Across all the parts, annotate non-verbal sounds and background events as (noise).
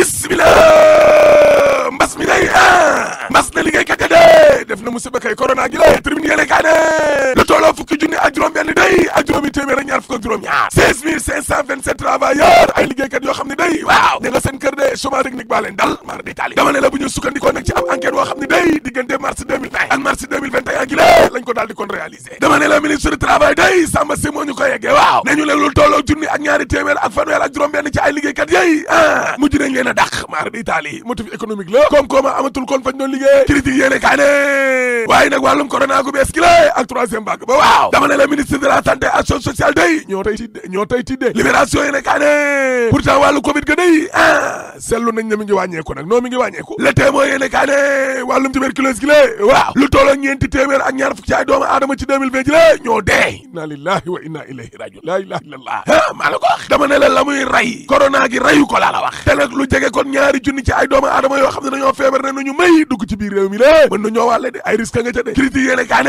bismillah musiba kay corona gi la tribune yéene kaay ne lu tolloo fukki junni ak juróom benn day ak juróomi téeméer ak ñaar fukk ak juróom ñaar 16527 travailleurs ay liggéeykat yoo xam ne day waaw ña kër de chômage technique baa dal mar di tali dama ne bu ñu sukkandikoo nag ci am enquête woo xam ne day diggante mars 2020 ak mars 2021 gi la lañ ko daal di kon réaliser dama ne la ministre day Samba Si moo ñu ko waaye nag wàllum corona gu bees ak troisième ba waaw dama la ministre de la santé action sociale day ñoo tey tidde ñoo tey tidde libération yi ne kaa ne pourtant day ah seetlu nañ ne mi ngi wàññeeku nag noo mi ngi wàññeeku le témoin yéene kaa ne wàllum gi la waaw lu tolloo ñeenti téeméer ak ñaar ci ay doomu aadama ci 2020 ji la ñoo dee inna lillahi wa inna ilayhi rajiun la ilaha illallah ah maa la ko wax dama la la muy corona gi ay risque nga ca de critique yéene kaa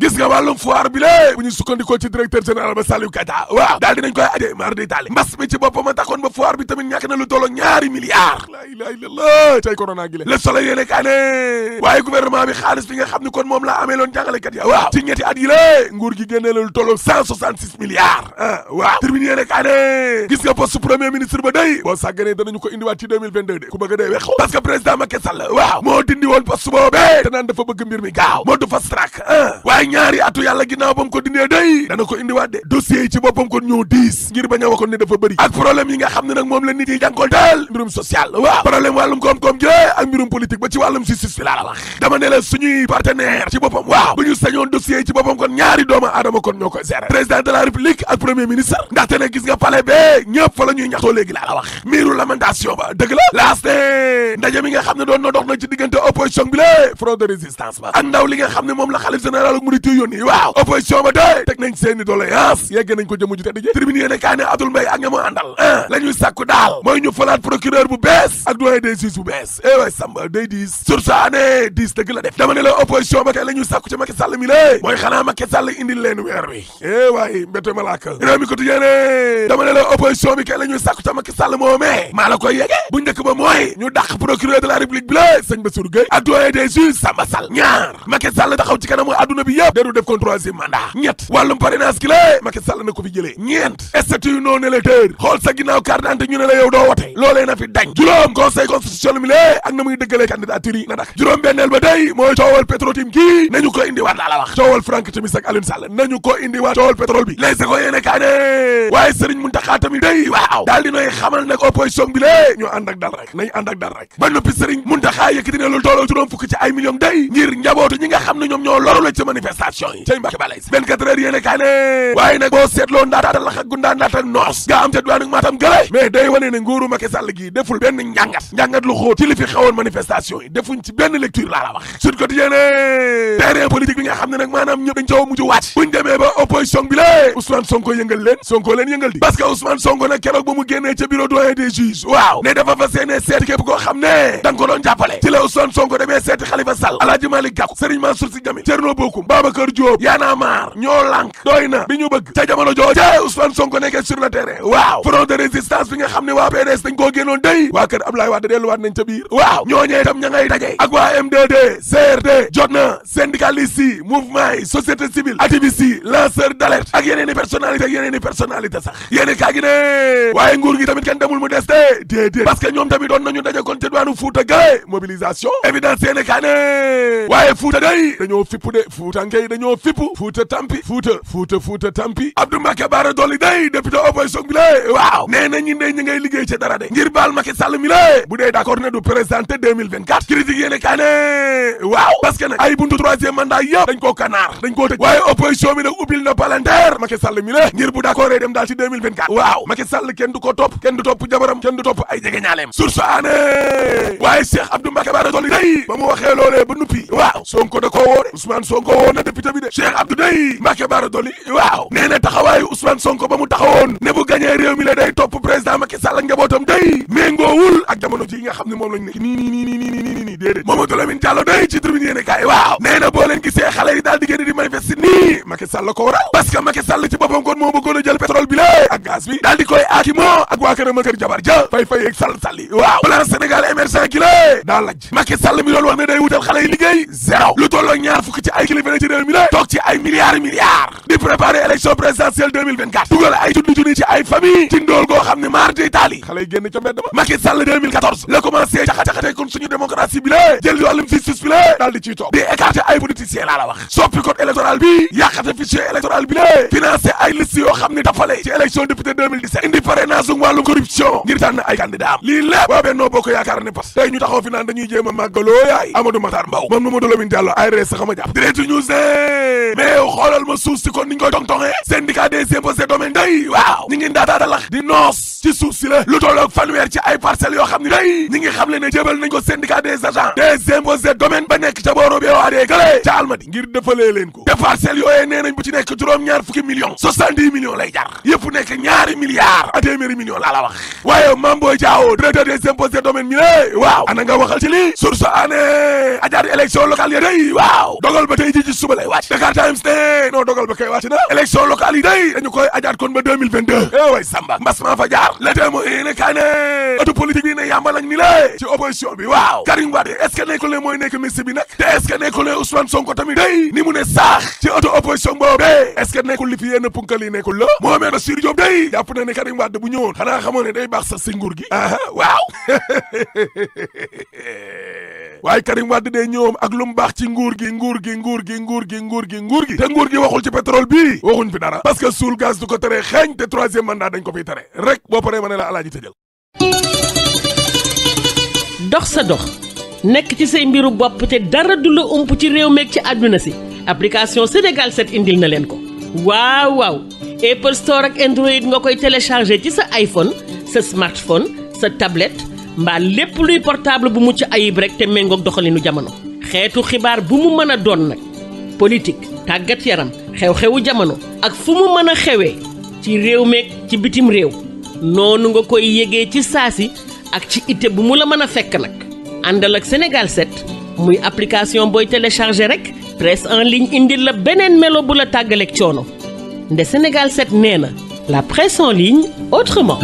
gis nga wàllum foire bi lé bu ñu sukkandikoo ci directeur général ba Saliou Kata waaw daal dinañ koy aje mar di taali mbas mi ci boppam a taxoon ba foire bi tamit ñàkk na lu tollo ñaari milliards la ilaha illallah tey corona gi ci ñetti at yi nguur gi génnee lu tollo cent ah, waaw tribune yéene kaa gis nga poste premier ministre ba day boo sàgganee danañu ko indiwaat ci 2022 de a dee wexu parce que président Macky Sall waaw moo dindi woon que mbir mi gaaw moo du fast track ah waaye ñaari atu yàlla ginnaaw ba mu ko a day dana ko indiwaat de dossier yi ci boppam kon ñoo diis ngir bañ a waxoon ne dafa bëri ak problème yi nga xam ne nag moom la nit yi jànkool daal mbirum social waaw problème wàllum koom-koom gi ak mbirum politique ba ci wàllum justice bi laa la wax dama ne la suñuy partenaire ci boppam waaw bu ñu sañoon dossier ci boppam kon ñaari doomu aadama kon ñoo koy gérer président de la république ak doléance ba ak ndaw li nga xam ne moom la xalif général ak murit yónni waaw opposition ba doy teg nañ seeni doléance yegg nañ ko jëm ju tedd ji tribune yéene kaa ne Abdoul Mbaye ak nga ah la ñuy sàkku daal mooy ñu falaat procureur bu bees ak doyen des juges bu bees eh waay samba day diis sursa ne diis dëgg la def dama la opposition ba kay la ñuy sàkku ci Macky Sall mi mooy xanaa Macky Sall indil weer wi eh waay mbéte malaaka réew mi quotidien dama ne la opposition bi ñaar Macky Sall taxaw ci kanamu adduna bi yëpp déru def kon troisième mandat ñett wàllum na ñu ko indi waat laa la wax coowal Franck Timis ak Alioune Sall nañu ko indi waat coowal pétrole bi lay sa ko yéene kaa waaye Serigne Mountakha tamit day waaw daal dinay xamal nag opposition bi lée ñu ànd dal rek nañ ànd ak dal rek ba noppi ne lu tolloo juróom fukk ci ay millions day ngir ñi nga xam ne ñoom ñoo loru la ci manifestation yi cay mbàkke balay si 24 heures yéene waaye nag boo seetloo ndaataata la xaggu ndaa ndaatak noos nga am ca diwaanu Matam gëlay mais day wane nguuru Macky Sall gii deful benn njàngat njàngat lu xóot ci li fi xewoon manifestation yi defuñ ci benn lecture la wax Sud Quotidien ne terrain politique bi nga xam ne nag maanaam ñëpp dañ ca mujj wàcc buñ ba opposition bi lée Ousmane Sonko yëngal leen Sonko leen da nga ko doon jàppale ci la Ousmane Sonko demee seeti Khalifa Malick Gakou Serigne Mansour Sy Djamil Thierno Bocoum Babacar Diop Y'en a marre ñoo lànk doy na bi ñu bëgg ca jamono jooju ca Ousmane Sonko nekkee sur le terrain waaw front de résistance bi nga xam ne waa PDS dañ koo génnoon day waa kër Abdoulaye Wade delluwaat nañ ca biir waaw ñooñee tam ña daje ak waa MDD CRD jot na syndicalistes yi mouvement yi société civile activistes yi lanceur ak yeneen i personnalité ak yeneen i personnalité sax yéeni kaa ne waaye nguur waaye fuuta day dañoo fipp de fuuta ngey dañoo fipp fuuta tampi fuuta fuuta fuuta tampi Abdou Mbacke Bara Dolly day député opposition bi waaw nee na ñun day ñu ngay liggéey ci dara de ngir baal Macky Sall mi la bu dee d'accord ne du présenté 2024 critique yéene kaa ne waaw parce que ay buntu troisième mandat yëpp dañ koo kanaar dañ koo tëj waaye opposition bi nag ubbil na palanteer Macky Sall mi la ngir bu d'accordee dem daal ci 2024 waaw Macky Sall kenn du ko topp kenn du topp jabaram kenn du topp ay jegeñaaleem sursaane waaye Cheikh waaw Sonko da koo woo de Ousmane Sonko woo na député bi de Cheikh Abdou Dey Mbacke Bara Dolly waaw nee na taxawaayu Ousmane Sonko ba mu taxawoon ne bu gañee réew la day topp président Macky Sall ak njabootam day méngoowul ak jamono ji nga xam ne moom lañ nekk nii nii nii nii nii nii nii nii déedéet Mamadou day ci tribune yéene kaay waaw nee na boo gisee xale yi daal di génn di manifester nii Macky Sall ko waral parce que Macky ci boppam kon moo bëggoon a jël pétrole muy zéro lu tolloo ñaar fukki ci ay kilifa ci réew mi toog ci ay milliards milliards di préparer élection présidentielle 2024 dugal ay junni junni ci ay famille ci ndool goo xam ne maar di xale yi génn ca mbedd ba Macky Sall 2014 la commencé jaxa-jaxate kon suñu démocratie bi la jël wàllum justice bi la daal di toog di écarter ay politiciens laa la wax soppi code électoral bi yàqate fichier électoral bi la financé ay liste yoo xam ne dafale a Mamadou Lamine Diallo ARS sax ma jàpp Direct News ne mais xoolal ma suuf si kon ni koy tong-tongee syndicat des impôts et domaines day waaw ñi ngi ndaataata lax di noos ci suuf si la lu tolloog fanweer ci ay parcelles yoo xam ne day ñi ngi xam le ne jébal nañ ko syndicat des agents des impôts et domaines ba nekk ca booro BOAD gëlee ca Almadi ngir dëfalee ko te parcelles yooyee nee nañ bu ci nekk juróom-ñaar fukki millions soixante-dix élection locale yi day waaw dogal ba tey ji ci suba lay wàcc Dakar Times ne non dogal ba koy wàcc na élection locale yi day dañu koy ajaat kon ba 2022 eh way samba mbas maa fa jaar le témoin ne kaa ne ëttu bi ne yàmbal ak ni lé ci opposition bi waaw Karim Wade est-ce que ne mooy nekk ministre bi nag te est-ce que nekkul ne Ousmane Sonko tamit day ni mu ne saax ci ëttu opposition boobu de eh, est-ce que li fi yenn punkal yi nekkul la Mohamed Bassirou Diop day jàpp bu ñëwoon xanaa xamoo ne day baax sax si nguur gi ah, ah, (laughs) waaye Karim Wade dee ñëwam ak lu mu baax ci nguur gi nguur gi nguur gi nguur gi nguur gi nguur te nguur gi waxul ci pétrole bii waxuñ fi dara parce que suul gaz du ko tere xeeñ te troisième mandat dañ ko fiy tere rek boo paree ma ne la alaaji tëjal dox sa dox nekk ci say mbiru bopp te dara du la ump ci réew meeg ci àdduna si application Sénégal 7 indil na leen ko waaw waaw Apple Store ak Android nga koy télécharger ci sa iPhone sa smartphone sa tablet mbaa lépp luy portable bu mucc ayib rek te méngoog doxalinu jamono xeetu xibaar bu mu mën a doon nag politique tàggat yaram xew-xewu jamono ak fu mu mën a xewee ci réew meeg ci bitim réew noonu nga koy yégee ci saasi ak ci ite bu mu la mën a fekk nag àndal ak Sénégal set muy application booy téléchargé rek presse en ligne indil la beneen melo bu la tàggaleeg coono nde Sénégal 7 nee na la presse en ligne autrement